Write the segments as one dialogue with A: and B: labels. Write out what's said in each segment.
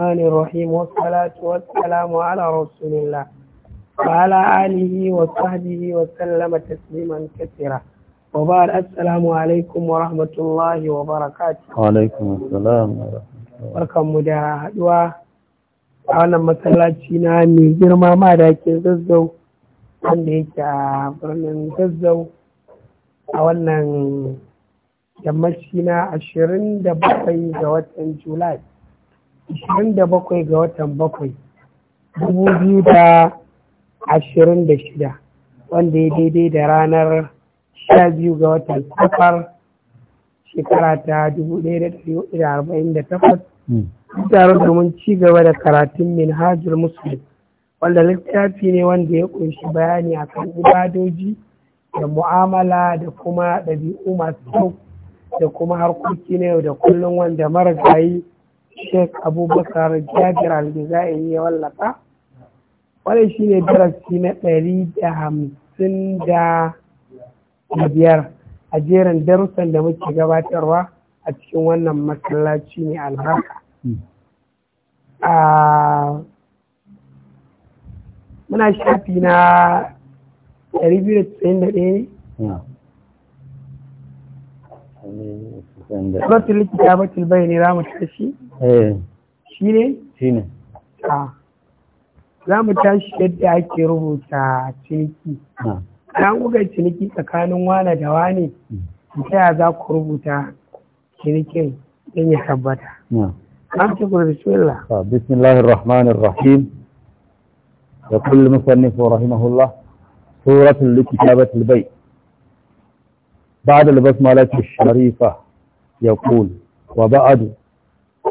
A: الرحمن الرحيم والصلاة والسلام على رسول الله وعلى mu da haɗuwa a wannan masallaci na mai girma ma da ke zazzau wanda yake a birnin zazzau a wannan yammaci na ga watan julai 27 ga watan 7 2026 wanda ya daidai da ranar 12 ga watan 7 shekara ta 1448 tare hmm. mun ci gaba da karatun minhajul muslim wanda littafi ne wanda ya kunshi bayani akan ibadoji da mu'amala da kuma ɗabi'u masu kyau da kuma harkoki na yau da kullum wanda gayi Sheikh Abubakar Jabir Al-Jazairi ya wallafa shi ne darasi na ɗari da hamsin da biyar a jerin darussan da muke gabatarwa a cikin wannan masallaci ne albarka. muna shafi na ɗari biyu da da tsayin
B: 291 ne? Suratul
A: Kitabatul Bayni za mu tashi? Eh. shi ne? shi ne za mu tashi yadda ake rubuta ciniki na kuka ciniki tsakanin wane da wane hmm. ta ya za ku rubuta cinikin in ya tabbata an ce ku bismillah
C: bismillahir rahmanir rahim da kullum musannifu rahimahullah suratul likitabatul bai بعد ya الشريفة يقول وبعد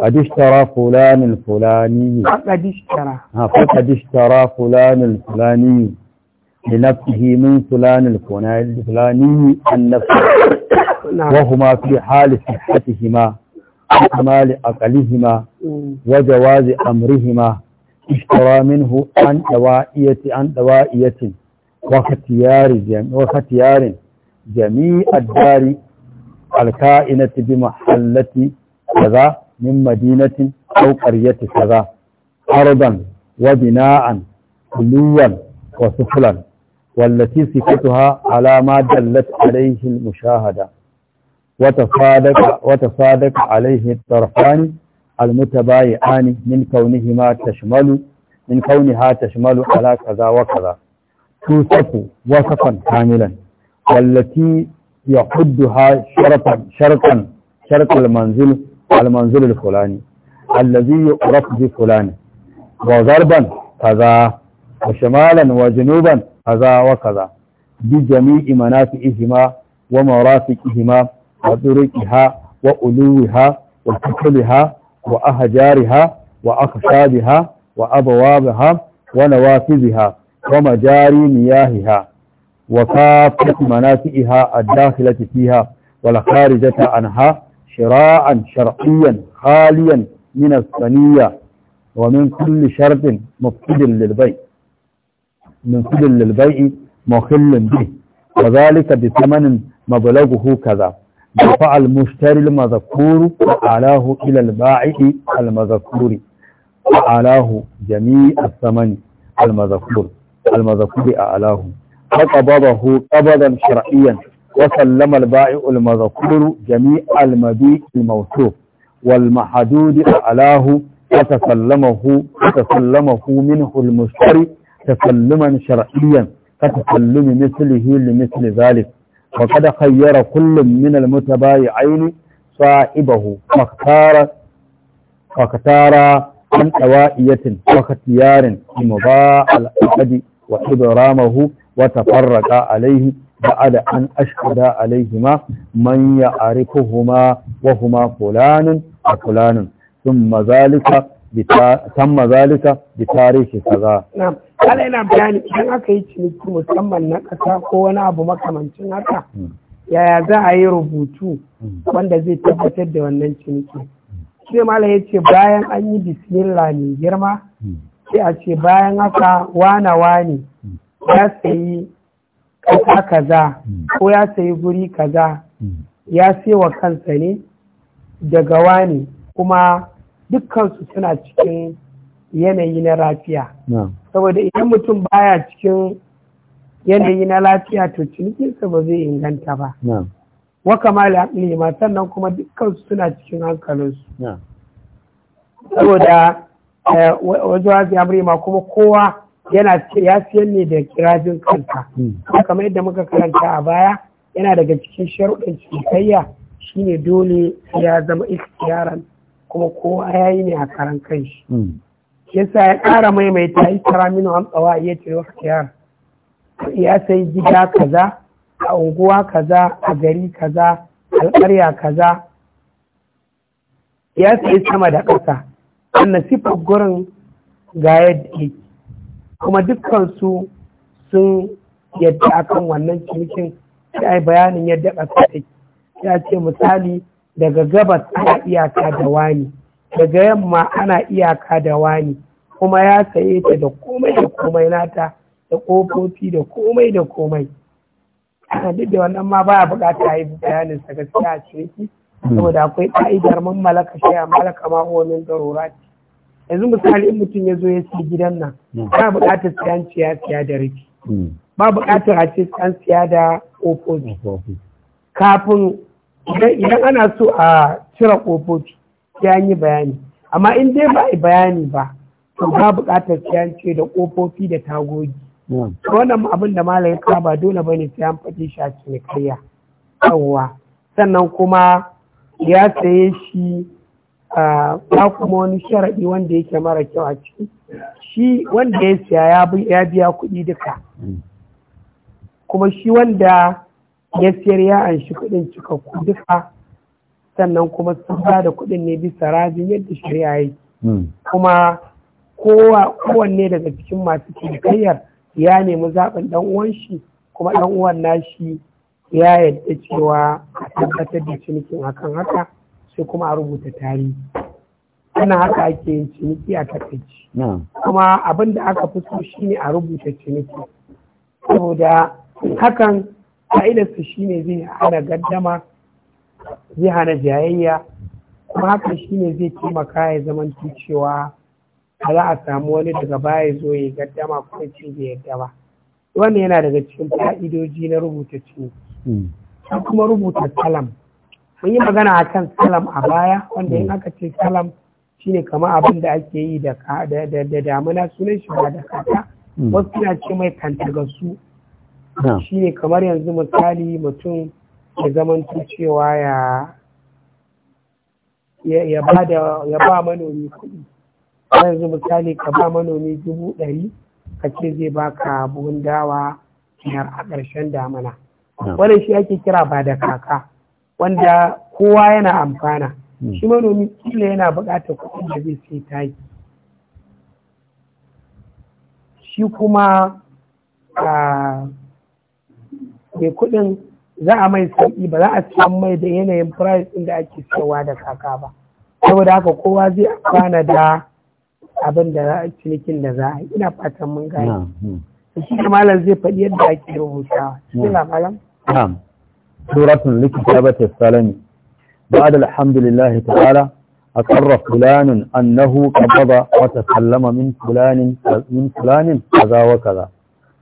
C: قد اشترى فلان الفلاني
A: فقد اشترى
C: فقد اشترى فلان الفلاني لنفسه من فلان الفلاني النفس
A: وهما
C: في حال صحتهما وكمال عقلهما وجواز أمرهما اشترى منه عن دوائية عن دوائية واختيار جميع واختيار جميع الدار الكائنة بمحلة كذا min madinatin aw qaryati kaza ardan wa bina'an kulluwan wa suflan wallati sifatuha ala ma dallat alayhi al-mushahada wa tasadaka wa tasadaka alayhi at-tarfan al-mutabayi'ani min kawnihima tashmalu min kauniha tashmalu ala kaza wa kaza tusafu wasafan kamilan wallati yahudduha sharfan sharqan sharq al-manzil المنزول الفلاني الذي يعرف بفلان وغربا كذا وشمالا وجنوبا كذا وكذا بجميع منافئهما ومرافقهما وطرقها وألوها وكتلها وأهجارها وأخشابها وأبوابها ونوافذها ومجاري مياهها وكافة منافئها الداخلة فيها والخارجة عنها shira'an shar'iyyan khaliyan min as-saniyya wa min kulli shartin mufsidin lil bay' min kulli lil bay' mukhallin bi wa zalika bi thamanin mablaghuhu kadha dafa al mushtari al madhkur alahu ila al ba'i al madhkur alahu jami' al thaman al madhkur al madhkur alahu faqabadahu qabadan shar'iyyan وسلم البائع المذكور جميع المبيع الموثوق والمحدود أعلاه وتسلمه وتسلمه منه المشتري تسلما شرعيا كتسلم مثله لمثل ذلك وقد خير كل من المتبايعين صاحبه فاختار فاختار عن توائية واختيار لمضاء الأحد وإبرامه وتفرق عليه بعد أن أشهد عليهما من يعرفهما وهما فلان وفلان ثم ذلك تم ذلك بتاريخ كذا
A: نعم قال ina bayani idan aka yi ciniki musamman na ƙasa ko wani abu makamancin haka yaya za a yi rubutu wanda zai tabbatar da wannan ciniki sai mala ya ce bayan an yi bismillah ne girma sai a ce bayan haka wa wana ne, ya sayi Wata kaza hmm. ko ya sayi guri kaza hmm. ya wa kansa ne daga wani kuma dukkansu suna cikin yanayi na lafiya saboda idan mutum baya cikin yanayi na lafiya to cinikinsa ba zai inganta ba wa ma sannan kuma dukkansu suna cikin hankalinsu
B: saboda
A: eh, wajen wajen kuma kowa yana ya siyan ne da kirajin kanka hmm. kamar yadda muka karanta a baya yana daga cikin sharuɗin shi shine dole ya zama ikhtiyaran kuma kowa ya yi ne a karan kanshi hmm. yasa ya ƙara maimaita yi tara mino an tsawa iya ce ya sai gida kaza a unguwa kaza a gari kaza alƙarya kaza ya sai sama da ƙasa annasifar gurin ga yadda kuma dukkansu sun yadda akan wannan cinikin yi bayanin yadda ƙasa ke. ya ce misali daga gabas ana iyaka da wani daga yamma ana iyaka da wani kuma ya saye ta da komai da komai nata da ƙofofi da komai da komai duk da wannan ma baya bukata ya yi bayanin sa gaskiya a ciniki saboda akwai ƙa'idar man malaka shaya malaka ma omin ce yanzu misali in mutum ya zo ya ci gidan nan hmm. ba buƙatar siyan siya da rufi hmm. ba buƙatar a ce siyan siya da ƙofofi kafin idan ana so a cire ƙofofi ya yi bayani amma in dai ba a bayani ba to ba buƙatar siyan ce da ƙofofi da tagogi hmm. wannan abin da malam ya kaba dole ba ne siyan faɗi shi a cinikayya yawwa sannan kuma ya saye shi ba kuma wani sharaɗi wanda yake mara kyau a ciki shi wanda ya siya ya biya kuɗi duka kuma shi wanda ya siyar ya anshi kuɗin cikakku duka sannan kuma sun ba da kuɗin ne bisa rajin yadda shari'a yi hmm. kuma kowanne daga cikin masu cikayyar ya nemi zaɓin ɗan uwan shi kuma ɗan uwan nashi ya yadda cewa a tabbatar da cinikin akan haka sai kuma a rubuta tarihi ana haka ake yin ciniki a takaici kuma abin da aka fi so shine a rubuta ciniki saboda hakan fa'idarsa shine zai hana gaddama zai hana jayayya kuma haka shine zai taimaka ya zaman cewa a za a samu wani daga baya zo ya gaddama kuma ce bai yadda ba wannan yana daga cikin fa'idoji na rubuta ciniki hmm. kuma rubuta kalam mun yi magana a kan salam a baya wanda in aka ce salam shine kama abin da ake yi da damuna sunan shi ba da kaka hmm. wasu suna ce mai Shi hmm. shine kamar yanzu misali mutum ya zamanto cewa ya ba manomi kuɗi yanzu misali ka ba manomi dubu ɗari ka ce zai ka buhun dawa a ƙarshen damuna hmm. wannan shi ake kira ba da kaka wanda kowa yana amfana hmm. shi manomi kila yana buƙatar kuɗin da zai sai taki shi kuma mai kuɗin za a mai sauki ba za a siya mai da yanayin price inda ake cewa da kaka ba saboda haka kowa zai amfana da abin da za a cinikin da za a yi ina fatan mun gane hmm. shi malam zai faɗi yadda ake rubuta shi malam
C: سورة لكتابة السلام بعد الحمد لله تعالى أقر فلان أنه قبض وتسلم من فلان من فلان كذا وكذا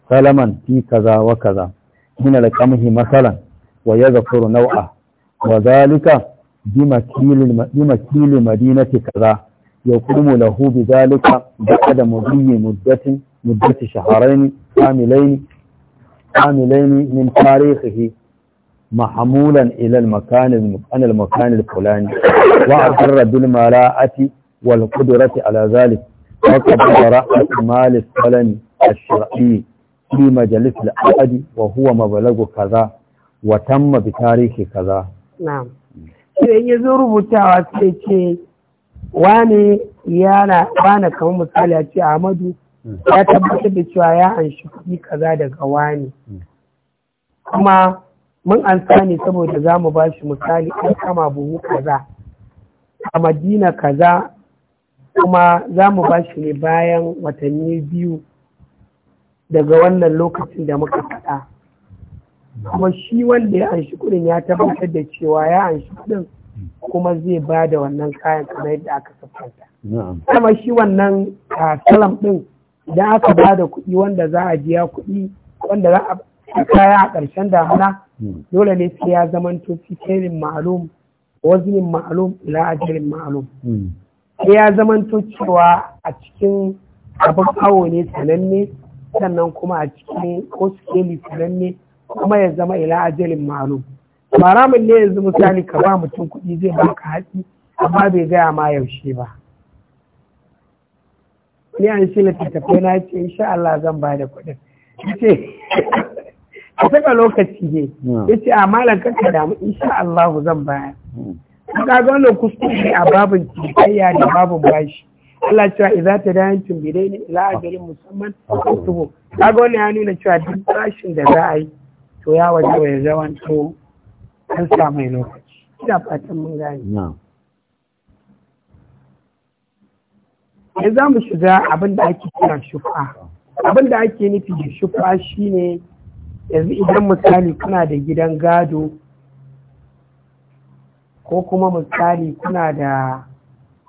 C: سلما في كذا وكذا من لكمه مثلا ويذكر نوعه وذلك بمكيل بمكيل مدينة كذا يقوم له بذلك بعد مضي مدة مدة شهرين كاملين كاملين من تاريخه محمولا إلى المكان المكان المكان الفلاني وأقر بالمراءة والقدرة على ذلك وقد براءة مال الفلن الشرعي في مجلس العقد وهو مبلغ كذا وتم بتاريخ كذا
A: نعم idan يزور zo rubutawa واني يانا وانا yana bana kamar misali a ce Ahmadu ya tabbatar da cewa mun an ne saboda za mu ba shi misali an kama buhu kaza a madina kaza kuma za mu ba shi ne bayan watanni biyu daga wannan lokacin da muka faɗa kuma shi wanda ya anshi kuɗin ya tabbatar da cewa ya anshi kuɗin kuma zai ba da wannan kayan kamar yadda aka siffanta. Kuma shi wannan ah, salam ɗin idan aka ba da kuɗi wanda za a biya kuɗi wanda za a a kaya a ƙarshen damuna hmm. dole ne sai ya zamanto kerin ma'alum wazinin ma'alum ila ma'alum hmm. sai ya zama cewa a cikin abin awo ne sananne sannan kuma a cikin ko sananne kuma ya zama ila ajalin ma'alum maramin ne yanzu misali ka ba mutum kuɗi zai baka hatsi amma bai gaya ma yaushe ba ni an shi littattafai na ce insha Allah zan ba da kuɗin ce a taɓa lokaci ne hmm. ya ce a ah, malam kanka damu insha Allah zan baya hmm. ka ga wannan kuskure a babin cinikayya da babin bashi Allah cewa idza tadayantum bi dayni a ajalin musamman tubu kaga wannan ya nuna cewa duk bashin da za a yi to ya waje ya zama to an sa mai lokaci ina fatan mun gane ya za mu shiga abin da ake kira shufa abin da ake nufi da shufa shine yanzu idan misali kuna da gidan gado ko kuma misali kuna da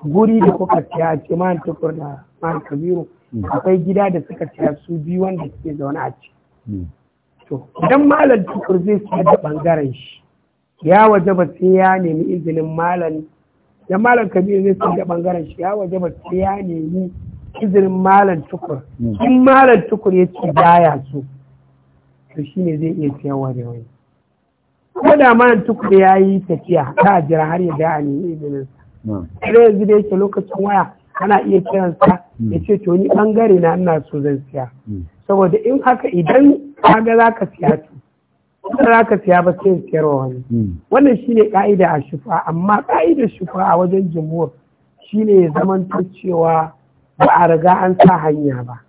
A: guri da kuka siya a cikin man tukur da man kabiru hmm. akwai gida da suka siya su biyu wanda suke zaune a ci hmm. to idan malam tukur zai siya da bangaren shi ya waje ba sai ya nemi izinin malam idan malam kabiru zai siya da bangaren shi ya waje ba sai ya nemi izinin malam tukur hmm. in malam tukur ya ce baya so to shi ne zai iya siyarwa da wani ko da man tukur ya yi tafiya ta jira har ya ga a nemi ganin sa sai yanzu da yake lokacin waya ana iya kiransa hmm. ya ce to ni bangare na ina so zan siya hmm. saboda in haka idan ka ga za ka siya to ba za ka siya ba sai in siyarwa wani hmm. wannan shine ka'ida a shufa amma ka'idar shufa a wajen shi shine ya zama cewa ba a riga an sa hanya ba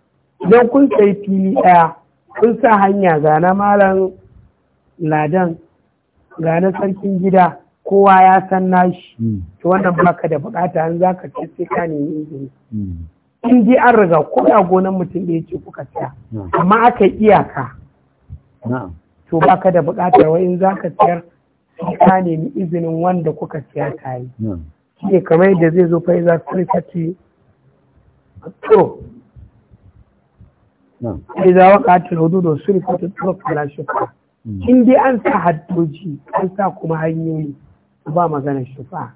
A: idan kun sayi fili ɗaya kun sa hanya ga na malam ladan ga na sarkin gida kowa ya san nashi hmm. to wannan baka da bukata an za ka ce sai ka ne izini hmm. in ji an riga ko da gonan mutum da yake kuka siya amma aka iyaka to baka da bukata wai in za ka siyar sai ka nemi izinin wanda kuka siya tare shi kamar yadda zai zo fa'iza sarfati to idza waqa'atil hudud wa surifat at-turuq fala shuka. Hmm. in dai an sa haddoji an sa kuma hanyoyi ba magana shuka.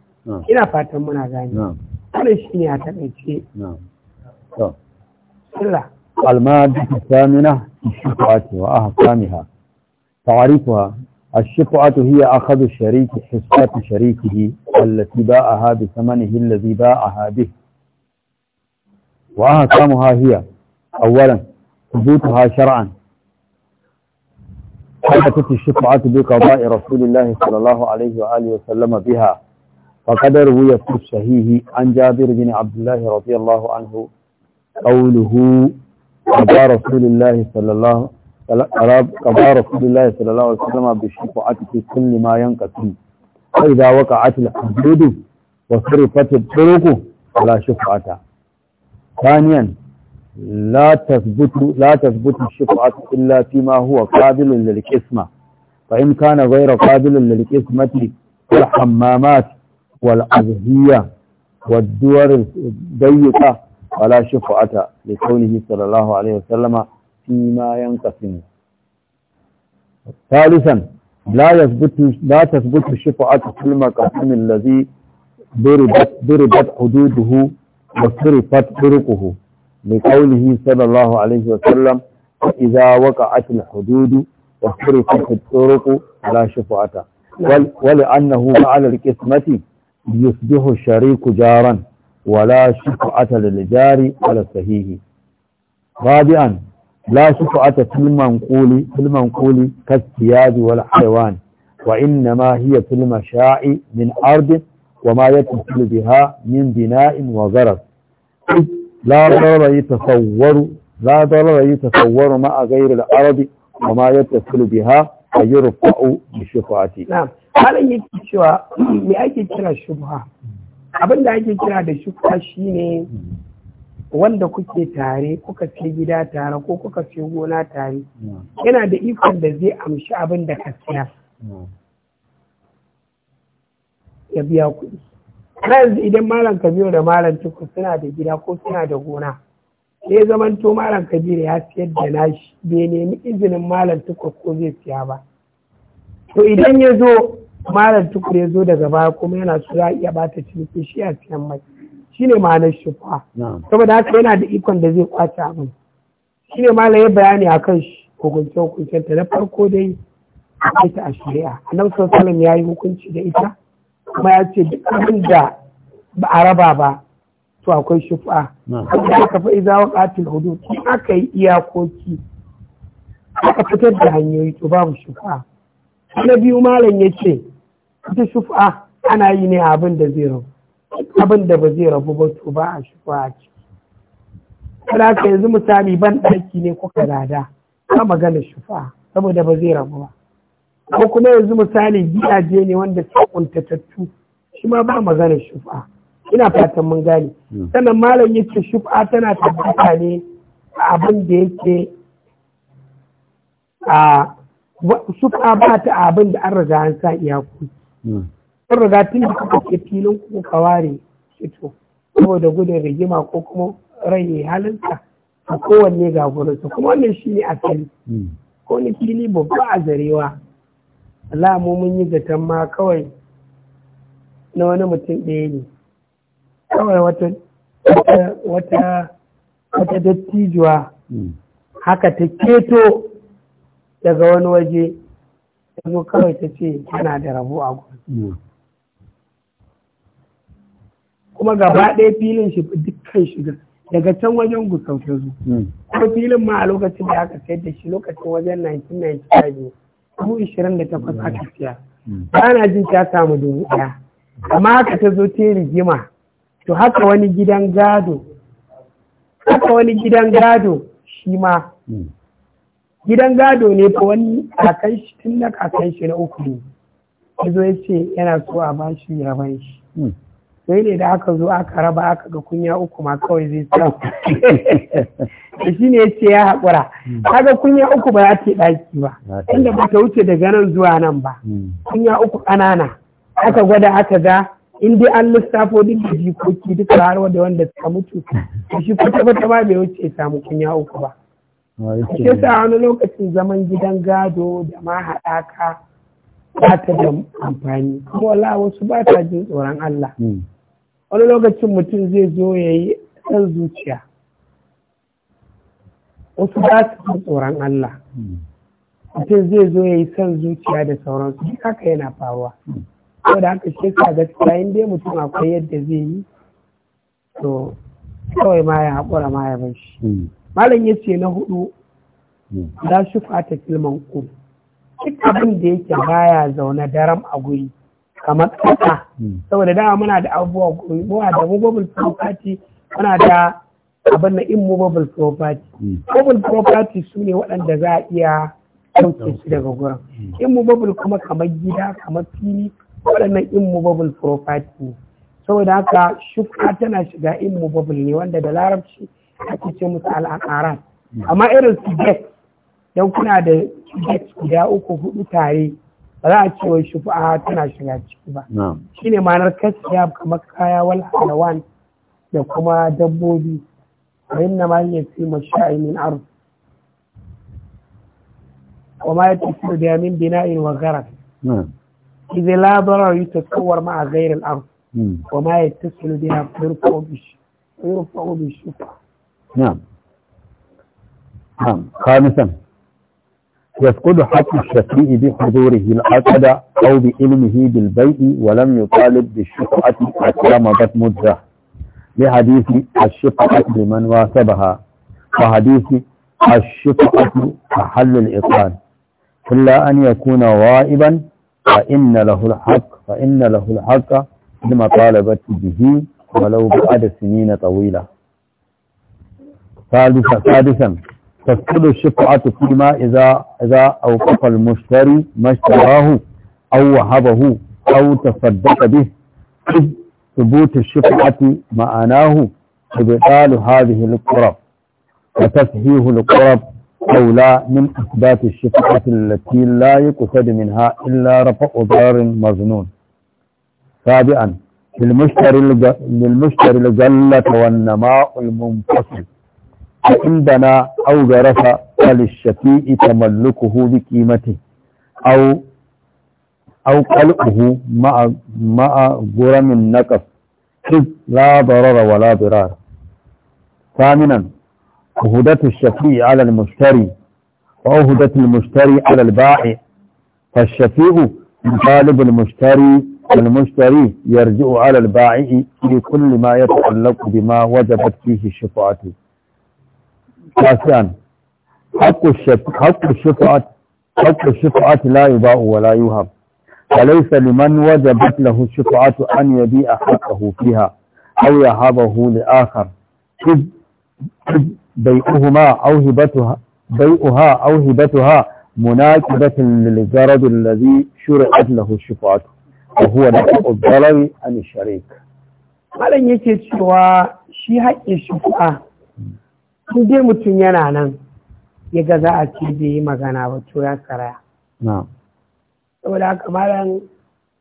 A: ina fatan muna
B: gani
A: shi ne a takaice sirra
C: المادة الثامنة الشفعة وأحكامها تعريفها الشفعة هي أخذ الشريك حصة شريكه التي باعها بثمنه الذي باعها به وأحكامها هي أولا ثبوتها شرعا حدثت الشفعة بقضاء رسول الله صلى الله عليه وآله وسلم بها فقد روي في الصحيح عن جابر بن عبد الله رضي الله عنه قوله قضى رسول الله صلى الله قضى رسول الله صلى الله عليه وسلم بالشفعة في كل ما ينقسم فإذا وقعت الحدود وصرفت الطرق فلا شفعة ثانيا لا تثبت لا تثبت الشفعة إلا فيما هو قابل للقسمة فإن كان غير قابل للقسمة كالحمامات والأذهية والدور الضيقة ولا شفعة لكونه صلى الله عليه وسلم فيما ينقسم ثالثا لا يثبت لا تثبت الشفعة في المقام الذي ضربت ضربت حدوده وصرفت طرقه لقوله صلى الله عليه وسلم فإذا وقعت الحدود وحرقت الطرق لا شفعة ولأنه على القسمة يصبح الشريك جارا ولا شفعة للجار على الصحيح رابعا لا شفعة في المنقول في المنقول كالسياد والحيوان وإنما هي في المشاع من أرض وما يتصل بها من بناء وغرض la darara yatasawwaru la darara yatasawwaru ma ghayri al-arab a ma yattasilu biha ayyurfa'u bi shufati na'am
A: yake cewa me ake kira shubha abin da ake kira da shubha shine wanda kuke tare kuka ce gida tare ko kuka ce gona tare yana da ikon da zai amshi abin da ka siya ya biya kuɗi yanzu idan malam kabiru da malam tukur suna da gida ko suna da gona ya zamanto malam kabiru ya siyar da nashi bai nemi izinin malam tukur ko zai siya ba to idan ya zo malam tukur ya zo daga baya kuma yana so za iya bata ciniki shi a siyan mai shine ma'anar shufa saboda haka yana da ikon da zai kwace abin shine malam ya bayani akan shi hukunce hukuncen ta na farko dai ita a shari'a annabi sallallahu alaihi ya yi hukunci da ita kuma ya ce duk abin da ba a raba ba to akwai shufa kuma aka kafa iza wa qatil hudu in aka yi iyakoki aka fitar da hanyoyi to babu shufa na biyu malam ya ce ita shufa ana yi ne abin da zai rabu abin da ba zai rabu ba to ba a shufa a ciki kada ka yanzu misali ban ɗaki ne kuka gada ka magana shufa saboda ba zai rabu ba ko kuma yanzu misali gidaje ne wanda ta kuntatattu shi ma ba magana shufa ina fatan mun gane hmm. sannan malam yake shufa tana tabbata ne a abin da yake a shufa ba ta abin da an riga an sa iyaku hmm. an riga tun da kuka ke filin kuka kaware fito saboda gudun rigima ko kuma rai halinsa a kowanne ga gurinsa kuma wannan shi ne asali hmm. ko ni fili babba a zarewa alamu mun yi zaton ma kawai na wani mutum ɗaya ne kawai wata dattijuwa hmm. haka ta keto daga wani waje ta zo kawai ta ce tana da rabu a gudu hmm. kuma gaba ɗaya filin shi dukkan shiga daga can wajen gusau ta zo hmm. kuma filin ma a lokacin da aka sayar da shi lokacin wajen 1995 dubu ishirin da takwas aka siya hmm. ana jin ta samu dubu ɗaya amma haka ta zo ta rigima to haka wani gidan gado haka wani gidan gado shi ma hmm. gidan gado ne fa wani kakan shi tun na kakan shi na uku ne ya zo ya ce yana so a bashi ya shi sai ne da aka zo aka raba aka ga kunya uku ma kawai zai samu da shi ne yace ya haƙura hmm. kaga kunya uku ba ya ce ɗaki ba inda ba ta wuce daga nan zuwa nan ba hmm. kunya uku ƙanana aka gwada aka ga in dai an lissafo duk da jikoki duka har da wanda suka mutu da shi kwata kwata ba bai wuce samu kunya uku ba ke sa wani lokacin zaman gidan gado da ma haɗaka ba ta da amfani kuma wala wasu ba ta jin tsoron Allah hmm. wani lokacin mutum zai zo ya yi ɗan zuciya wasu ba su fi tsoron Allah mutum zai zo ya yi son zuciya da sauransu su haka yana faruwa Ko da haka shi sa gaskiya in dai mutum akwai yadda zai yi to kawai ma ya haƙura ma ya bar shi hmm. malam ya ce na hudu za hmm. shi fata filman ku duk abin da yake baya zaune daram a guri kamar ƙasa saboda dama muna da abubuwa muna da mobile property muna da abin na in mobile property mobile property su ne waɗanda za a iya ɗauke su daga gurin mobile kuma kamar gida kamar fili waɗannan in mobile property saboda haka shuka tana shiga in mobile ne wanda da larabci ake ce musu al'akara amma irin su get don kuna da get guda uku hudu tare ba za a ce wai 'a tana shiga ciki ba Shi ne ma'anar kasiya kamar kaya wal halawan da kuma dabbobi wa inna ma hiya fi sha'imin arz wa ma yatasiru da yamin bina'in wa
B: zai
A: labara yi ta kawar ma a al arz hmm. wa ma yattasilu biha yurfa'u bi yurfa'u bi shufa'a
C: نعم يفقد حق الشفيع بحضوره العقد أو بعلمه بالبيع ولم يطالب بالشفعة حتى مضت مدة لحديث الشفعة لمن واسبها وحديث الشفعة محل الإقان إلا أن يكون غائبا فإن له الحق فإن له الحق لمطالبة به ولو بعد سنين طويلة ثالثا تفقد الشفعة فيما إذا إذا أوقف المشتري ما اشتراه أو وهبه أو تصدق به إذ ثبوت الشفعة معناه إبطال هذه القرب وتفهيه القرب أولى من إثبات الشفعة التي لا يقصد منها إلا رفع ضرر مظنون سابعا للمشتري للمشتري الجلة والنماء المنفصل عندنا أو جرف فللشفيء تملكه بقيمته أو أو قلقه مع مع غرم النقص إذ لا ضرر ولا ضرار ثامنا عهدة الشفيع على المشتري وعهدة المشتري على البائع فالشفيع يطالب المشتري المشتري يرجع على البائع في كل ما يتعلق بما وجبت فيه شفاعته تاسعا حق الشفعة حق الشفعة حق الشفعة لا يباع ولا يهب وليس لمن وجبت له الشفعة أن يبيع حقه فيها أو يهبه لآخر إذ بيعهما أو هبتها بيعها أو هبتها مناكبة للجرد الذي شرعت له الشفعة وهو نفع الضرر عن الشريك.
A: على yake cewa شيء الشفعة in dai mutum yana nan ya ga za a ce bai yi magana ba to ya karaya saboda haka malam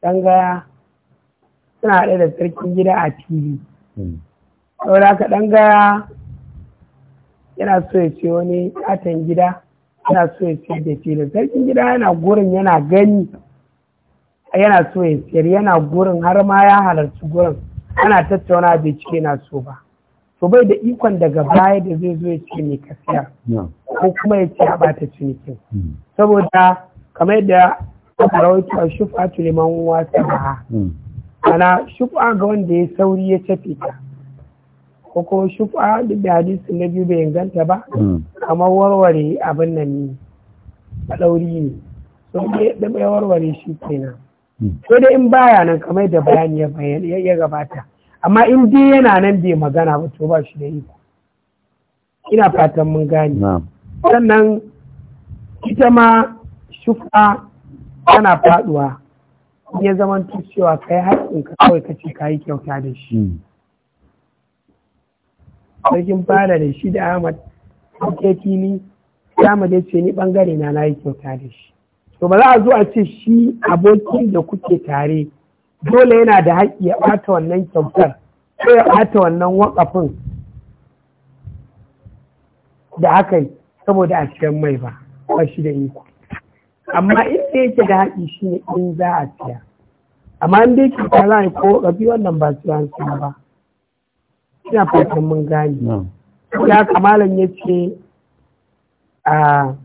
A: dangaya suna haɗe da sarkin gida a tv hmm. saboda haka dangaya yana so ya ce wani katon gida yana so ya ce da da sarkin gida yana gurin yana gani yana so ya siyar yana gurin har ma ya halarci gurin ana tattauna bai ce na so ba to bai da ikon daga baya da zai zo ya ce mai kasiya ko kuma ya ce bata cinikin hmm. saboda kamar yadda aka rawaito a shufa tuliman wasa ba hmm. ana shufa ga wanda ya sauri ya tafi ta ko kuma shufa da hadisi na biyu bai inganta ba hmm. kamar warware abin nan ne a ɗauri ne sun da warware shi kenan ko da in baya nan kamar da bayani ya gabata amma in dai yana nan bai magana ba to ba shi da iko ina fatan mun gane sannan ita ma shufa tana faduwa ya zaman cewa kai haƙƙin ka kawai ka ce kayi kyauta da shi hmm. sarkin fada da shi da ahmad ake fili ahmad ya ce ni bangare na na yi kyauta da shi to ba za a zo a ce shi abokin da kuke tare dole yana da haƙƙi ya ɓata wannan kyautar ko ya ɓata wannan wakafin. da aka yi saboda a cikin mai ba ba shi da iko amma inda yake da haƙi shi ne in za a siya amma inda yake ta za a yi ko rabi wannan ba su yan siya ba ina fatan mun gane ya kamalan ya ce a ah,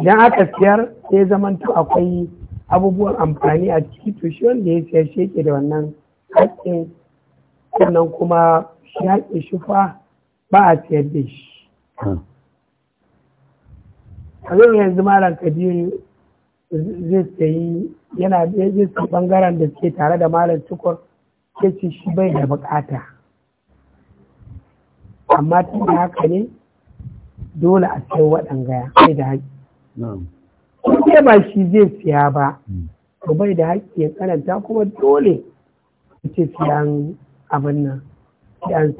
A: idan aka siyar sai zamanto akwai abubuwan amfani a ciki to shi wanda ya siya shi da wannan haƙƙin sannan kuma shi haƙƙin shufa ba a siyar da shi hmm. a zai yanzu malam kabiru zai sayi yana zai sa bangaren da suke tare da malam tukur ke ce shi bai da bukata amma tun da haka ne dole a sayi waɗanga ya da
B: haƙƙi
A: ke ba shi zai siya ba to bai da haƙƙi ya karanta kuma dole ya ce siyan abin nan siyan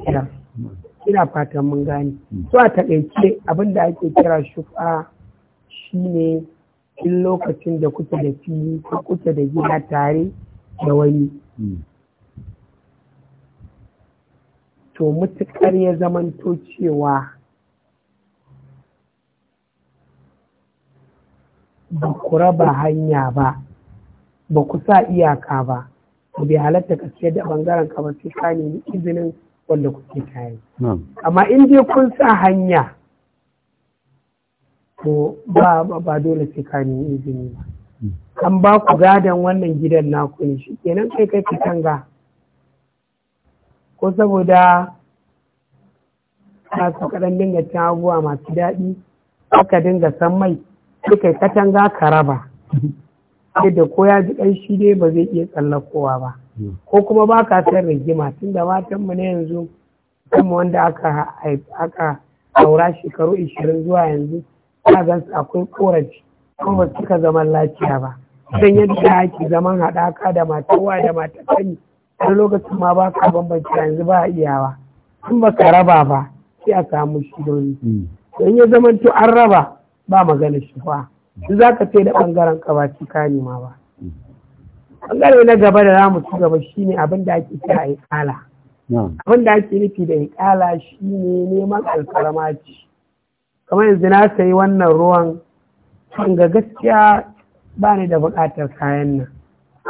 A: ina fatan mun gani to a taƙaice abin da ake kira shufa shine in lokacin da kuke da fili ko kuke da gida tare da wani to mutukar ya zamanto cewa ba ku raba hanya ba ba ku sa iyaka ba ku bi halatta ka ciyar da bangaren ka ba sai ka nemi izinin wanda kuke tare amma in dai kun sa hanya to ba ba dole sai ka nemi izini ba hmm. an ba ku gadon wannan gidan naku ne shi kenan kai kai katanga ko saboda masu su kaɗan dinga cin abubuwa masu daɗi aka dinga san mai suka katanga ka raba yadda ko ya ji ƙanshi dai ba zai iya tsallakowa ba hmm. ko kuma ba ka san rigima tunda matan mu na yanzu kuma wanda aka aka aura shekaru ishirin zuwa yanzu ta gansu akwai korafi kuma ba suka zaman lafiya ba don yadda ake zaman haɗaka da matawa da matakani wani lokacin ma ba ka bambanci yanzu ba iyawa in ba ka raba ba sai a samu shi hmm. don ya zama an raba ba magana shufa in za ka ce da ɓangaren ka ba cika ma ba ɓangare na gaba da za mu ci gaba shine abin da ake kira iƙala abin da ake nufi da iƙala shine neman alfarma ce kamar yanzu na sayi wannan ruwan kan ga gaskiya ba ni da buƙatar kayan nan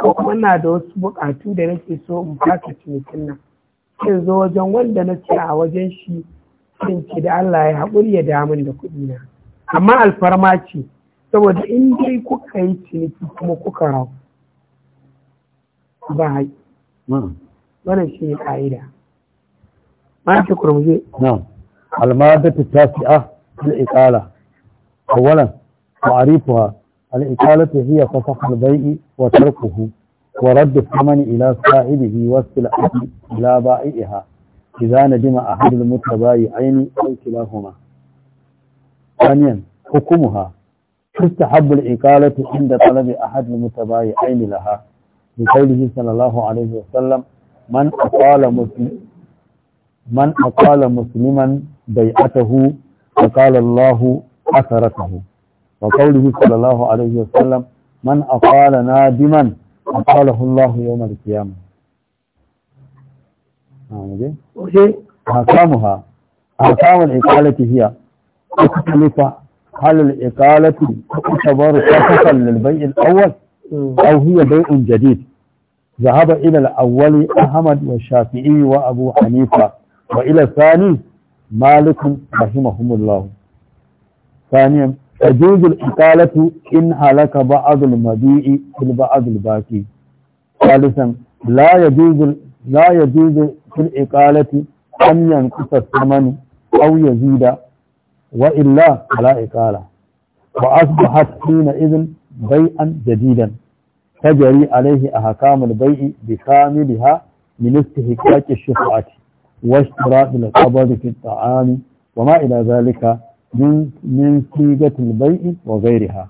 A: ko kuma na da wasu buƙatu da nake so in fasa cinikin nan shin zo wajen wanda na siya a wajen shi cin ci da Allah ya haƙuri ya damun da kuɗi na amma alfarma ce saboda in dai kuka yi ciniki kuma kuka rau ba haƙi hmm. wannan shi ne ƙa'ida ma ta kurmuje
C: almadatu tasi'a al-iqala awwalan ma'rifuha al-iqalatu hiya fasakh al-bay'i wa tarkuhu wa radd al-thaman ila sahibihi wa istil'ati ila ba'iha idza nadima ahad al aw kilahuma ثانيا حكمها تستحب الإقالة عند طلب أحد المتبايعين لها لقوله صلى الله عليه وسلم من أقال مسلم من أقال مسلما بيعته فقال الله أثرته وقوله صلى الله عليه وسلم من أقال نادما أقاله الله يوم القيامة أحكامها أحكام الإقالة هي تختلف هل الإقالة تعتبر فسخا للبيع الأول أو هي بيع جديد ذهب إلى الأول أحمد والشافعي وأبو حنيفة وإلى الثاني مالك رحمهم الله ثانيا تجوز الإقالة إن هلك بعض المبيع في بعض الباقي ثالثا لا يجوز لا يجوز في الإقالة أن ينقص الثمن أو يزيد وإلا فلا إقالة وأصبحت حينئذ بيئا جديدا تجري عليه أحكام البيع بكاملها من استهكاك الشفعة واشتراط القبض في الطعام وما إلى ذلك من من صيغة البيع وغيرها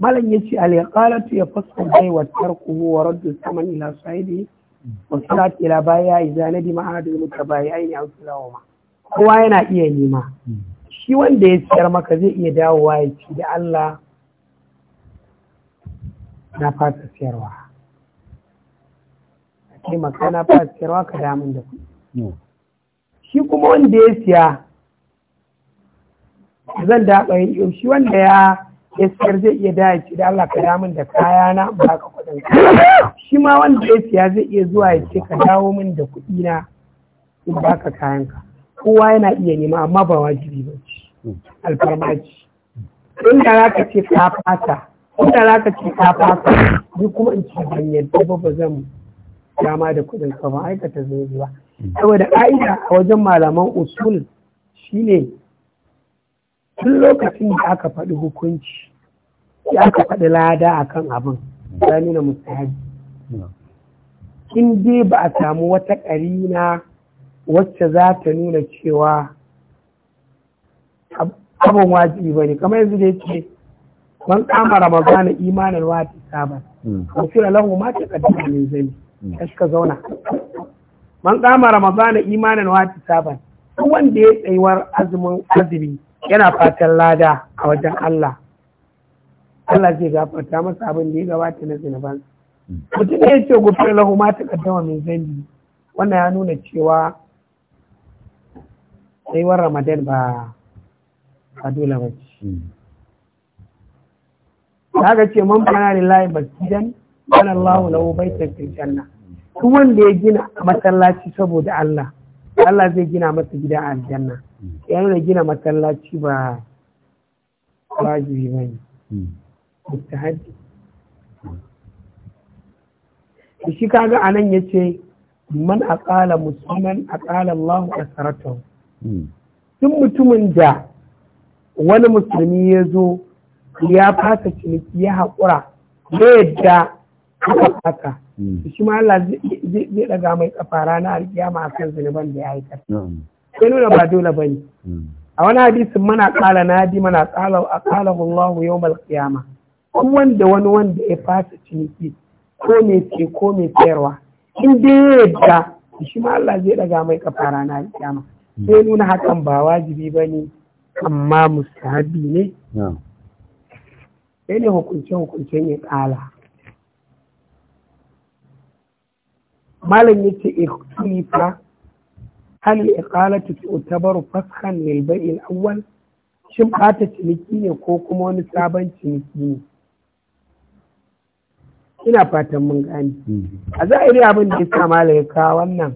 A: malam ya ce alƙalatu ya fasa bai wa tarkuhu wa raddu saman ila sahibi wa salat ila baya idza nadima ahadul mutabayi'aini aw kilahuma kowa yana iya nema shi wanda ya ciyar maka zai iya dawowa ya ci da Allah na fasa siyarwa a ce maka na fasa siyarwa ka damun da kuɗi shi kuma wanda ya siya zan daɓa yin shi wanda ya ya siyar zai iya da ci da Allah ka damun da kaya na ba ka kuɗin shi ma wanda ya siya zai iya zuwa ya ce ka dawo min da kuɗi na in kayan kayanka kowa yana iya nema amma ba wajibi ba ce alfarma inda za ka ce ka fasa inda za ka ce ka fasa ni kuma in ce ban yadda ba ba zan dama da kuɗin ka aikata zai ba saboda ka'ida a wajen malaman usul shine tun lokacin da aka faɗi hukunci ya aka faɗi lada a kan abin ya nuna musahabi in dai ba a samu wata ƙarina wacce za ta nuna cewa abin wajibi ba ne kamar yanzu da yake man kama ramadana imanin wati ta ko fira lahu ma ta kaddama min zai hmm. kashka zauna man kama ramadana imanin wati ta saba wanda ya tsayuwar azumin azumi yana fatan lada a wajen Allah Allah zai gafarta masa abin da ya gabata na zinubansa hmm. mutum ya ce gufira lahu ma ta kaddama min zai wannan ya nuna cewa tsayuwar ramadan ba ba dole ba ce ga hmm. ce man bana lillahi masjidan bana Allahu lahu baitan fil janna duk wanda ya gina a masallaci saboda Allah Allah zai gina masa gida a aljanna hmm. ya da gina masallaci ba wajibi ba ne hmm. haji shi kaga anan ya ce man aqala musliman aqala Allahu asratahu
B: duk
A: mutumin da wani musulmi ya zo ya fasa ciniki ya haƙura ya yadda aka haka hmm. shi ma Allah zai daga mai kafa rana ma kan zunuban da ya aikata sai nuna ba dole bane hmm. a wani hadisin mana kala hadi mana kala ƙala Allah yawmal ƙiyama. kun wanda wani wanda ya fasa ciniki ko me ce ko me sayarwa in dai ya yadda shi ma Allah zai daga mai kafa rana alkiyama sai nuna hakan ba wajibi ba ne amma mustahabi ne ne hukunce-hukuncen ya ƙala malam ya ce ikhtilifa hal iqalatu tu'tabaru fashan lil bai'il awwal shin bata ciniki ne ko kuma wani sabon ciniki ne ina fatan mun gani
B: mm-hmm.
A: a iri abin da ya sa malam ya kawo wannan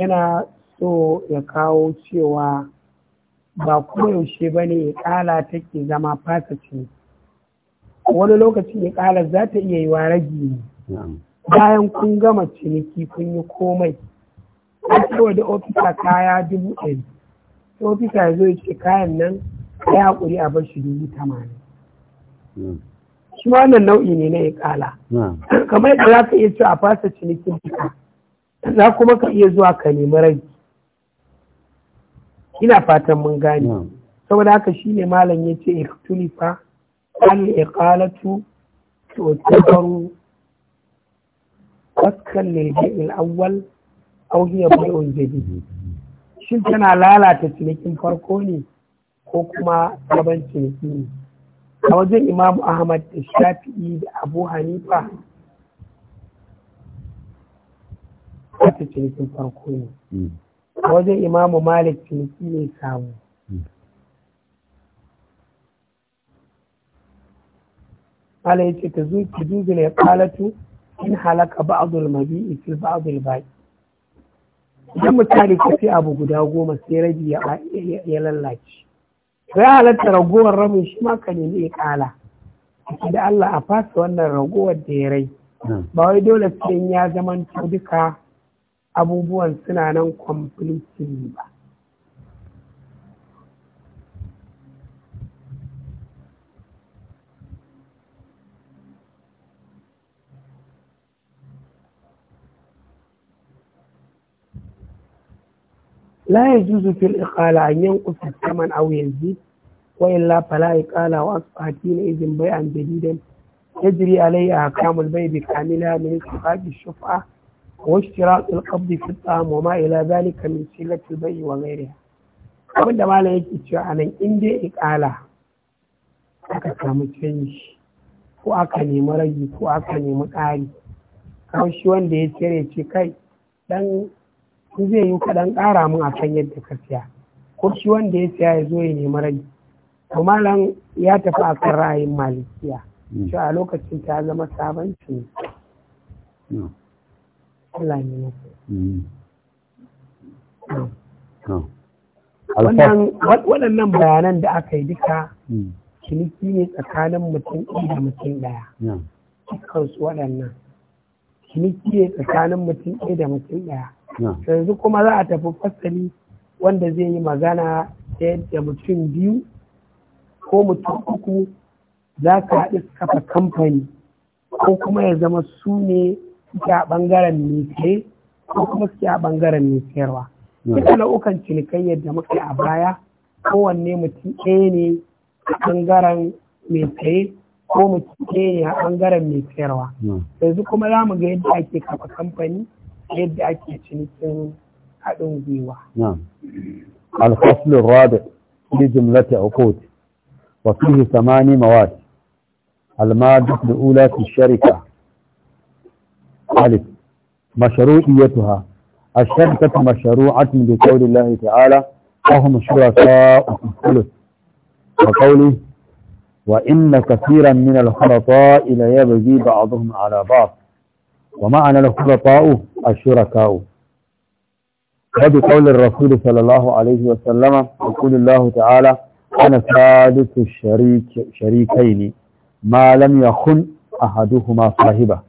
A: yana so ya kawo cewa ba koyaushe ba ne ƙala take zama fata ce wani lokacin ƙala za ta iya yi wa ragi ne bayan kun gama ciniki kun yi komai a cewa da ofisa kaya dubu ɗari ofisa ya zo ya ce kayan nan ya haƙuri a bar shi dubu tamanin shi ma wannan nau'i ne na ƙala kamar yadda za ka iya cewa a fasa cinikin za kuma ka iya zuwa ka nemi ragi ina fatan mun gane saboda haka shine malam ya yace ikhtulifa al iqalatu تعتبر فسخا للبيع auki ya هي بيع جديد shin tana lalata cinikin farko ne ko kuma sabon ciniki ne a wajen imamu ahmad da shafi'i da abu hanifa ta cinikin farko ne hmm. wajen imamu malik ciniki ne samu Allah yace ce ta zuki ki dubi ne kalatu in halaka ba'dul mabi'i fil ba'dul idan
B: mutane ka fi abu
A: guda goma sai rabi ya lallace sai halatta ragowar ramin shi ma ka nemi ya kala da Allah a fasa wannan ragowar da ya rai hmm. ba wai dole sai ya zamanta duka abubuwan suna nan completely ba لا يجوز في الإقالة أن ينقص الثمن أو يزيد وإلا فلا إقالة وأصبح إذن بيعا جديدا يجري عليه أحكام البيع بكاملها من استخراج الشفعة واشتراط القبض في الطعام وما إلى ذلك من سلة البيع وغيرها abin da malam yake cewa a in dai ikala aka samu canji ko aka nemi ragi ko aka nemi ƙari kawai shi wanda ya cire ce kai dan zai yi kaɗan ƙara mun a yadda ka siya ko shi wanda ya siya ya zo ya nemi ragi to malam ya tafi a kan ra'ayin malikiya cewa lokacin ta zama sabanci ne Allah hmm. Hmm. Hmm. waɗannan bayanan da aka yi duka ciniki ne tsakanin mutum ɗaya da mutum ɗaya dukkansu waɗannan ciniki ne tsakanin mutum ɗaya da mutum ɗaya yanzu kuma za a tafi fasali wanda zai yi magana ta yadda mutum biyu ko mutum uku za ka haɗu kafa kamfani ko kuma ya zama su ne suke a ɓangaren mai ko kuma suke a ɓangaren mai sayarwa hmm. nau'ukan cinikai yadda muka yi a baya kowanne mutum ɗaya ne a ɓangaren mai saye ko mutum ɗaya ne a ɓangaren mai hmm. yanzu kuma za mu ga yadda ake kafa kamfani yadda ake cinikin haɗin gwiwa
C: الفصل الرابع في جملة عقود samani ثماني مواد da ula fi sharika, alif mashru'iyyatuha ashaddatu mashru'atin bi qawli Allah ta'ala wa huma shuraka'u fil wa qawli wa inna katiran min al-khata'i la yabghi ba'dhum 'ala ba'd wa ma'na al-khata'u ash-shuraka'u hadhi qawli ar-rasul sallallahu alayhi wa sallam wa qawli Allah ta'ala ana thalithu ash-shariki sharikaini ma lam yakhun ahaduhuma sahibah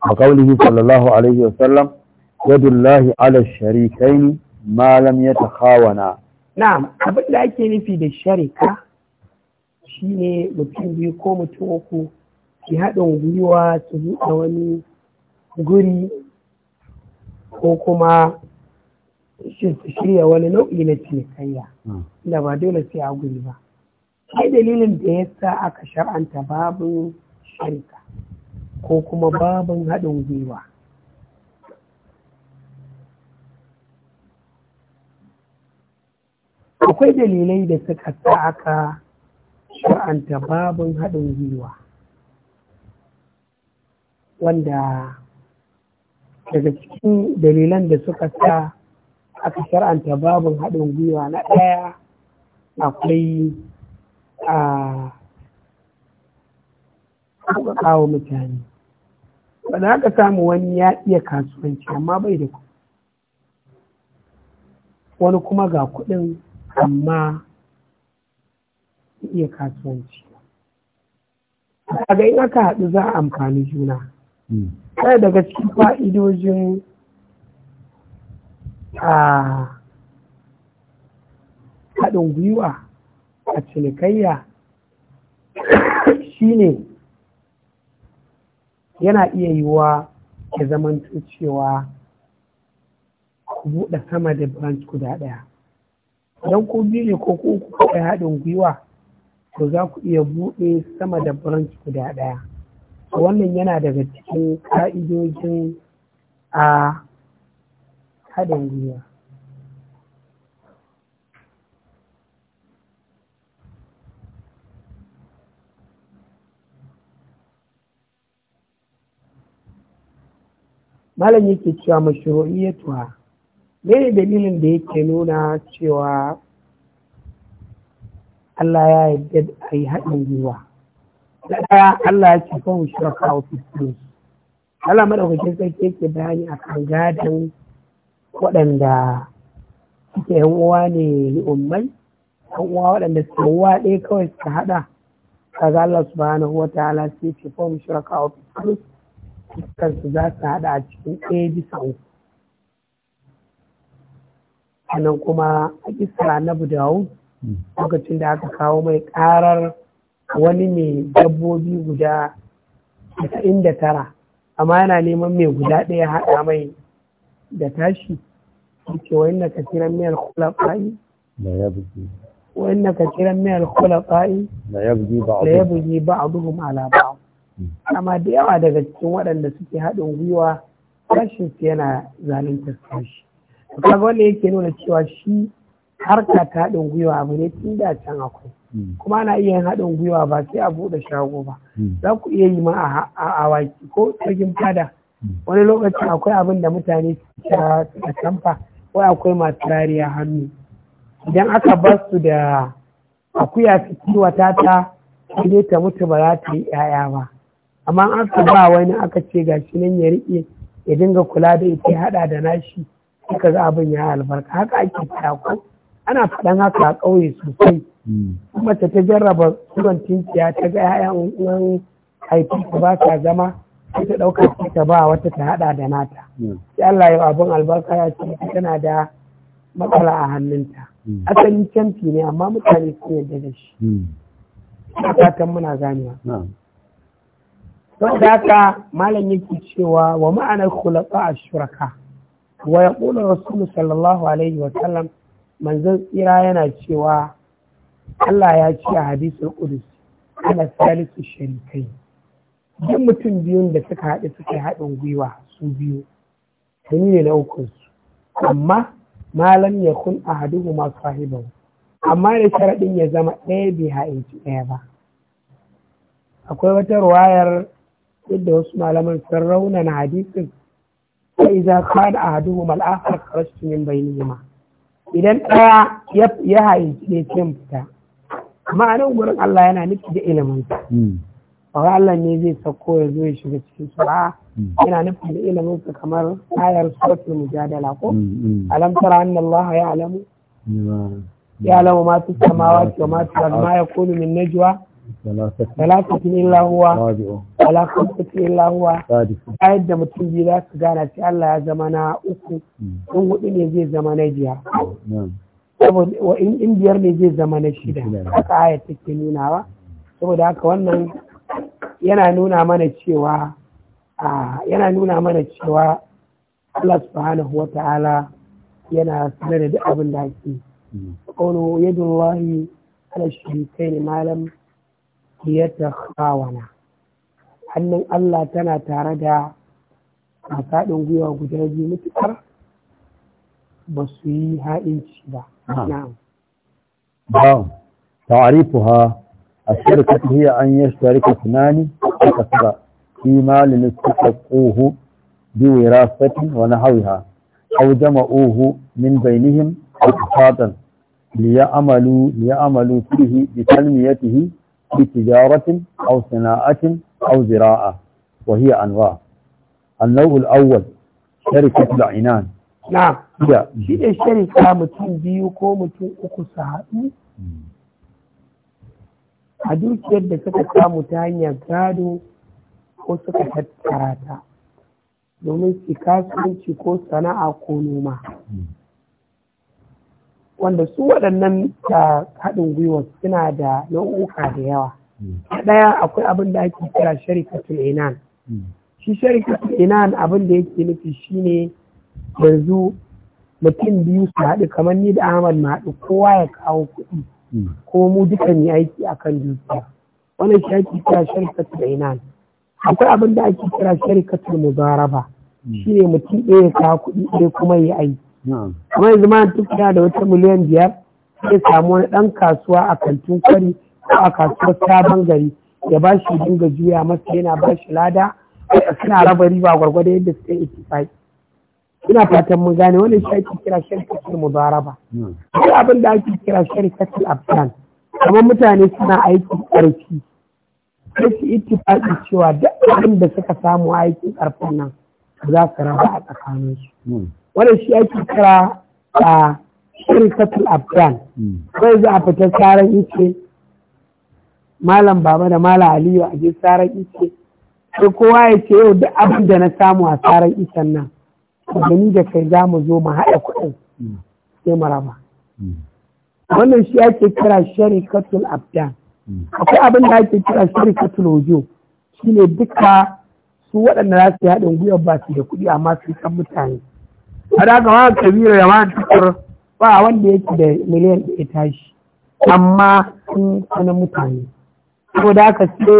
C: a kaulihi sallallahu alaihi wasallam yadullahi ala sharikaini malam ya takawana
A: na'am abin da ake nufi da sharika shine mutum biyu ko mutum uku ki haɗin gwiwa su buɗe wani guri ko kuma shirya wani nau'i na cinikayya hmm. da ba dole sai a guri ba sai dalilin da ya sa aka shar'anta babu sharika ko kuma babin haɗin gwiwa akwai dalilai da suka sa aka sha'anta babin haɗin gwiwa wanda daga cikin dalilan da suka sa aka shar'anta babin haɗin gwiwa na ɗaya akwai a ah, sauƙaƙa wa mutane ba za ka samu wani ya iya kasuwanci amma bai da kuɗi wani kuma ga kuɗin amma iya kasuwanci ba in aka haɗu za a amfani juna hmm. ɗaya daga cikin fa'idojin a haɗin gwiwa a cinikayya shine yana iya yiwuwa ya zamanto cewa ku buɗe sama da branch guda ɗaya idan ku biyu ne ko ku uku kuka haɗin gwiwa to za ku iya buɗe sama da branch guda ɗaya wannan yana daga cikin ka'idojin a haɗin gwiwa malam yake cewa tuwa, mene dalilin da yake nuna cewa Allah ya yarda a yi haɗin gwiwa da ɗaya Allah ya ce kan shuraka wa fitri Allah madaukakin sarki yake bayani a kan gadon waɗanda suke yan uwa ne ummai yan uwa waɗanda suke uwa ɗaya kawai suka haɗa kaga Allah wata ala ta'ala sai ce kan shuraka wa fitri fuskarsu za su haɗa a cikin ɗaya bisa uku sannan kuma a isra na budawu lokacin da aka kawo mai ƙarar wani mai dabbobi guda da tara amma yana neman mai guda ɗaya haɗa mai da tashi ce wa inna kasiran miyar khulafa'i
B: la yabghi
A: wa inna kasiran miyar khulafa'i
C: la yabghi
A: ba'duhum ala ba'd amma da yawa daga cikin waɗanda suke haɗin gwiwa rashin su yana zanen sashi to kaga wanda yake nuna cewa shi harka ta haɗin gwiwa abu ne tun da can akwai hmm. kuma ana iya yin haɗin gwiwa ba sai a buɗe shago ba hmm. za ku iya yi ma a awaki ko sarkin fada hmm. wani lokacin akwai abin da mutane suka kamfa wai akwai masu rariya hannu idan aka bar su da akuya su kiwata ta ta mutu ba za ta yi 'ya'ya ba amma an aka ba wani aka ce ga shi nan ya riƙe ya dinga kula da ita ya haɗa da nashi suka ga abin ya albarka haka ake fara ko ana faɗan haka a ƙauye sosai hmm. mace ta jarraba sugan tinkiya ta ga 'ya'yan uwan haifi ta ba ta zama sai ta ɗauka ce ta ba wata ta haɗa da nata hmm. sai Allah yau abin albarka ya ce tana da matsala a hannunta hmm. asalin canfi ne amma mutane sun yarda da shi Ina fatan muna ganewa don da haka malam yake cewa wa ma'anar khulafa a shuraka wa ya ƙula rasulu sallallahu alaihi wa sallam manzon tsira yana cewa Allah ya ce a hadisul qudus ana salisu sharikai duk mutum biyun da suka haɗu suka yi haɗin gwiwa su biyu sun ne na ukunsu amma malam ya kun a haduhu masu amma da sharaɗin ya zama ɗaya bai ha'inci ɗaya ba akwai wata ruwayar Yadda wasu malaman sun na hadisin fa iza kana ahaduhum al mal'afa kharajtu min bainihima idan ɗaya ya haici ne cin fita nan gurin Allah yana nufi da ilimin hmm. ba Allah ne zai sako ya zo ya shiga cikin su hmm. yana nufi da ilimin sa kamar ayar suratul mujadala ko hmm, alam tara anna Allah ya alamu ya ma fi samawa wa ma fi ma ah. yakunu min najwa
B: ثلاثة إلا هو
A: على خمسة إلا هو آيات mutum biyu za su gana sai Allah ya zama na uku hmm. in hudu ne zai zama na biya. Saboda in biyar ne zai zama na shida haka ayat take nuna ba saboda haka wannan yana nuna mana cewa yana nuna mana cewa Allah subhanahu wa ta'ala yana sanar da duk abin da ake قولوا يد الله على الشريكين ne malam yata khawana hannun Allah tana tare da a faɗin gwiwa guda biyu mutuƙar ba su yi ha'inci ba.
C: Ba'am, ta'arifu ha, a shirin kafin an yi shirika tunani a kasuwa, shi malin suka ƙohu biyu ya rafi wani hawi ha, hau jama ƙohu min bainihim a kasuwa ɗan, liya amalu, liya amalu fihi, bi talmiyatihi, في تجارة أو صناعة أو زراعة وهي أنواع النوع الأول شركة العنان نعم
A: shi mutum biyu ko mutum uku su a dukiyar da suka samu ta hanyar gado ko suka tattara domin su kasuwanci ko sana'a ko noma. wanda su waɗannan ta haɗin gwiwa suna da nau'uka da yawa a ɗaya akwai abin da ake kira sharikatul inan shi sharikatul inan abin da yake nufi shine yanzu mutum biyu su haɗu kamar ni da ahmad na haɗu kowa ya kawo kuɗi ko mu duka mu aiki akan dukiya wannan shi ake kira sharikatul inan akwai abin da ake kira sharikatul Shi ne mutum ɗaya ya kawo kuɗi ɗaya kuma ya aiki kuma yanzu ma tuka da wata miliyan biyar zai samu wani ɗan kasuwa a kantin kwari ko a kasuwar sabon gari ya ba shi dinga juya masa yana ba shi lada suna raba riba gwargwado yadda suka yi itifaki ina fatan mun gane wannan shi ake kira mu sharikatul raba. duk abin da ake kira sharikatul abdan kamar mutane suna aiki karfi sai su ittifaqi cewa duk abin da suka samu aikin karfin nan za su raba a tsakaninsu wannan shi ake kira a shirkatul abdan zai hmm. za a fita tsarin ice malam baba da malam aliyu a je tsaran ice sai kowa ya ce yau da abin da na samu a tsaran icen nan ni da kai za mu zo mu haɗa kuɗin hmm. sai mu raba hmm. wannan shi ake kira sharikatul abdan akwai abin da ake kira sharikatul wujo shine duka su waɗanda za su yi haɗin gwiwa ba su da kuɗi amma su san mutane har aka ma kabiru da ma tukur ba wanda yake da miliyan da ya tashi amma sun sanar mutane da aka ce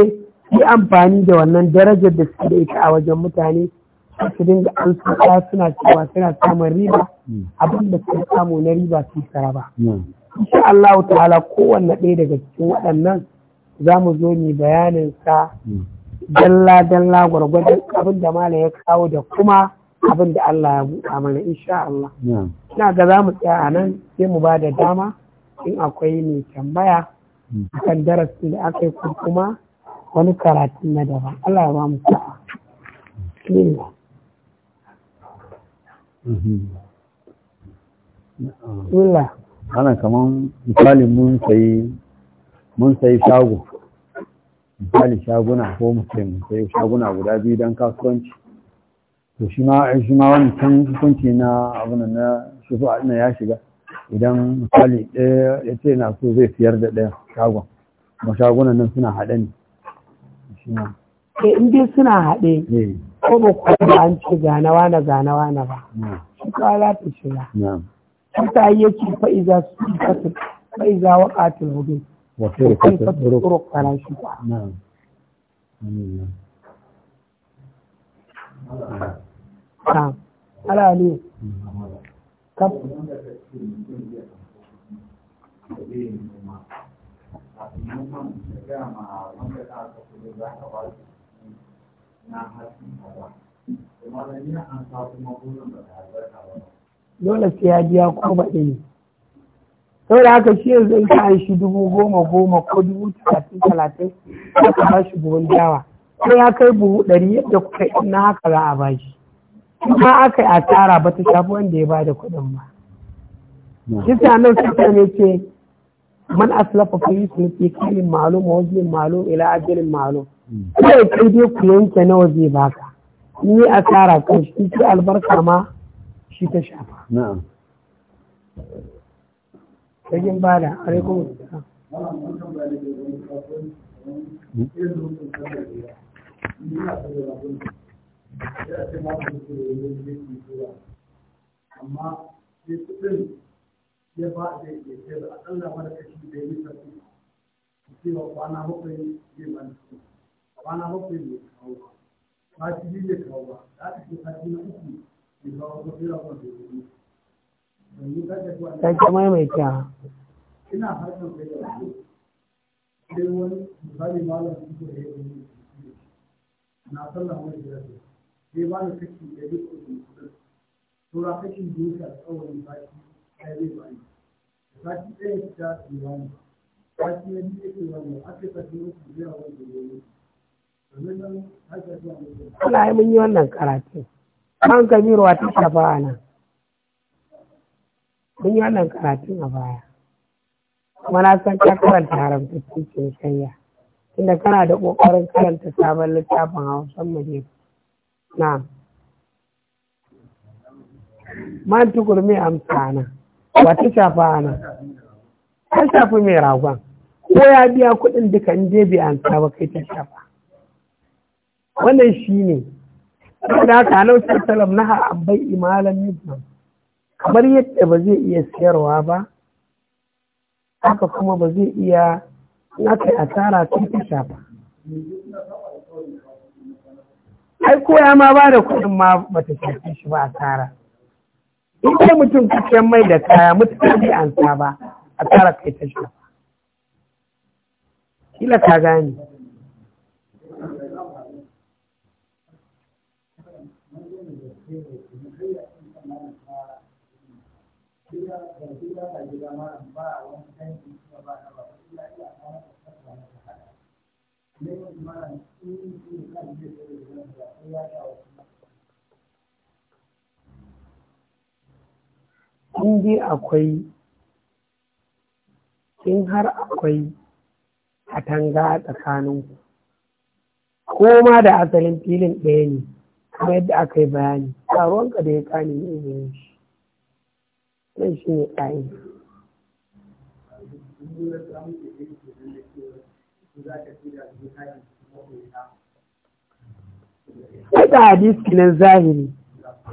A: yi amfani da wannan darajar da suke da ita a wajen mutane su dinga an suka suna cewa suna samun riba hmm. abin da suka samu na riba sun tsara ba. Hmm. Insha Allah ta'ala kowanne ɗaya daga cikin waɗannan za mu zo ne bayanin sa hmm. dalla dalla gwargwadon abin da malam ya kawo da kuma abin da Allah ya buɗa mana insha Allah. Ina ga za mu tsaya a nan sai mu ba da dama in akwai mai tambaya hmm. akan darasi da aka yi kuma wani karatu na daban. Allah ya ba mu sa'a.
C: Bismillah. Ana kaman misali mun sayi mun sayi shago. Misali shaguna ko mu sayi shaguna guda biyu don kasuwanci. to shi ma eh, shi ma wancan hukunci na abin na su na ya shiga idan misali ɗaya ya ce na so zai siyar da ɗaya shagon kuma shagunan nan suna haɗe ne shi ma
A: ke eh, in dai suna haɗe eh. ko ba ku ba an ce gana na gana na ba shi ka za ta shiga ta yi yake fa'iza su kasu fa'iza waƙatul hudu wasu rukatul rukana shi ba na'am ala ne kaf dole sai ya biya kuma baɗi ne sau da haka shi yanzu in ka an shi dubu goma goma ko dubu talatin talatin aka ba shi buhun dawa sai ya kai buhu ɗari yadda kuka ina haka za a ba shi ba aka yi asara ba ta shafi wanda ya bada kuɗin ba kisa nan kasa ne ce man aslafa fi su nufi kalin malu, wa wajin malum ila malu. Kuma kai kai dai ku yanke nawa zai baka ni asara kan shi ce albarka ma shi ta shafa na'am sajin bada alaikum assalam
D: Thank you. ya ce ma su ke yin yanki amma sai kudin ya ba da ya ce da akalla mana kashi da yi sarki cewa kwana yi zai ban su kwana bakwai ne kawo ba sati ne kawo ba da aka ce sati na uku ne kawo ba sai rakon da ya yi domin ka ce kuwa ta
A: ce
D: ina harkar kai da su sai wani misali malam su ke yi na sallah wani da ce sai ba da kashi da duk kudin kudin tura kashi biyu ta tsawon sati ɗaya zai ba ni sati ɗaya ta ta tsira ne sati ya biyu ta tsira ne aka tafi musu zira wanda ya yi domin nan haka zuwa mutum. Allah ya mun yi wannan
A: karatu. An kabiru a shafa a nan. Mun yi wannan karatun a baya. Kuma na san ka karanta haramta cikin cinikayya. Inda kana da ƙoƙarin karanta sabon littafin a wasan Majefu. na man tukur mai amsa na ba ta shafa na ta shafi mai ragon ko ya biya kuɗin duka in je bai amsa ba kai ta shafa wannan shi ne da haka halau na ha'abbai imalan yadda kamar yadda ba zai iya siyarwa ba haka kuma ba zai iya na kai asara ta shafa ai ko ya ma ba da kuɗin ma ba ta shafi shi ba a tsara.
B: in ko mutum kuke
A: mai da kaya mutum bai an sa ba a tara kai ta shi kila ka gane
D: Thank you. in
A: dai akwai in har akwai katanga a tsakaninku ko ma da asalin filin ɗaya ne kuma yadda aka yi bayani taronka da ya kane ne izinin shi zai shi ne
D: ƙa'in Thank you.
A: Wata hadisi nan zahiri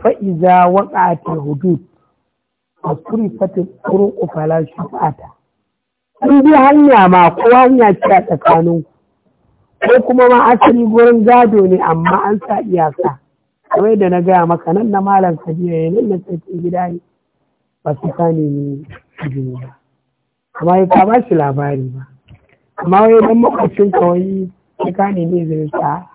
A: fa'iza waƙa'atar hudu a kurifatin ƙurin ƙufala shafa'ata. An bi hanya ma ko hanya ce a tsakanin ko kuma ma asali gurin gado ne amma an sa iyaka. Kamar da na gaya maka nan na malam Kabiru ya nan na gida ne ba su sani ne jini ba. Amma ya ka ba shi labari ba. Amma wai dan makwacin kawai ya kane ne zai sa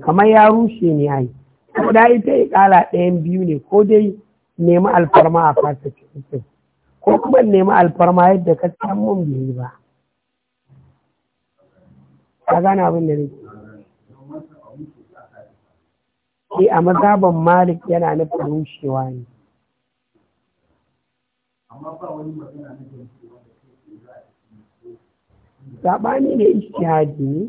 D: kamar ya rushe
A: ne ai ko da ita kala ɗayan biyu ne ko dai nemi alfarma a fata cikin ko kuma nemi alfarma yadda ka san mun bai yi ba ka gane abin da nake eh a mazaban malik yana nufin rushewa ne Zaɓa ne ishtihadi ne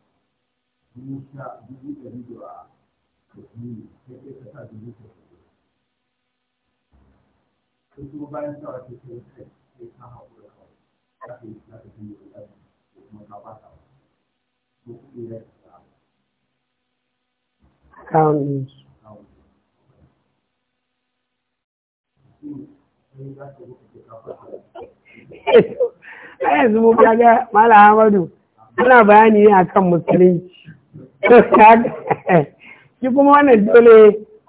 D: sun sha dubu da
A: a yanzu bayani ne akan musulunci Ki kuma wannan dole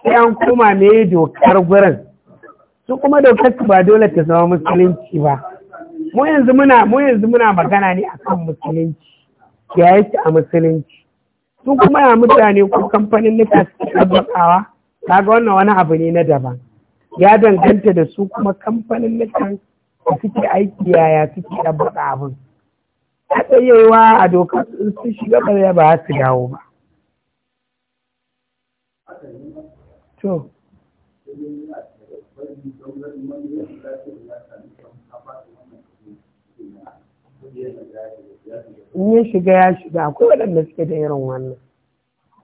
A: sai an koma ne dokar gurin su kuma dokar ba dole ta zama musulunci ba mu yanzu muna mu yanzu muna magana ne akan musulunci ya yake a musulunci su kuma ya mutane ko kamfanin nika suke abukawa kaga wannan wani abu ne na daban ya danganta da su kuma kamfanin nika su suke aiki yaya suke abuka abin tsayewa a dokar sun shiga ɓarya ba su dawo ba to
D: in
A: ya shiga ya shiga akwai waɗanda suke da irin wannan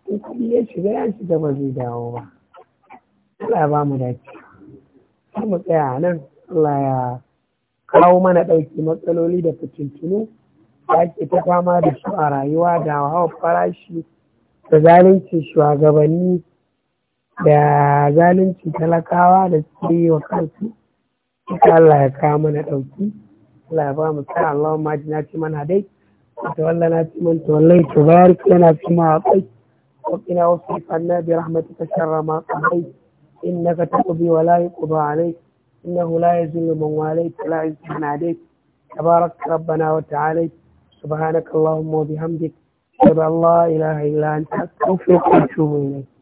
A: in kuma ya shiga ya shiga ba zai dawo ba Allah ba mu dace mu tsaya nan Allah ya kawo mana ɗauki matsaloli da fitintunu ake ta fama da su a rayuwa da hawa farashi da zalunci shugabanni da zalunci talakawa da suke yi wa kansu ita Allah ya kawo mana ɗauki Allah ya ba mu sa Allah ma ji na ci mana dai ta walla na ci mana ta wallai ta bayar yana ci ma kai wa kina wa fanna bi rahmatika sharra ma qadai innaka taqbi wa la yuqda alayk innahu la yazillu man walayta la yuqda alayk tabarak rabbana wa ta'ala سبحانك اللهم وبحمدك سبحان الله إله إلا أنت أستغفرك وأتوب إليك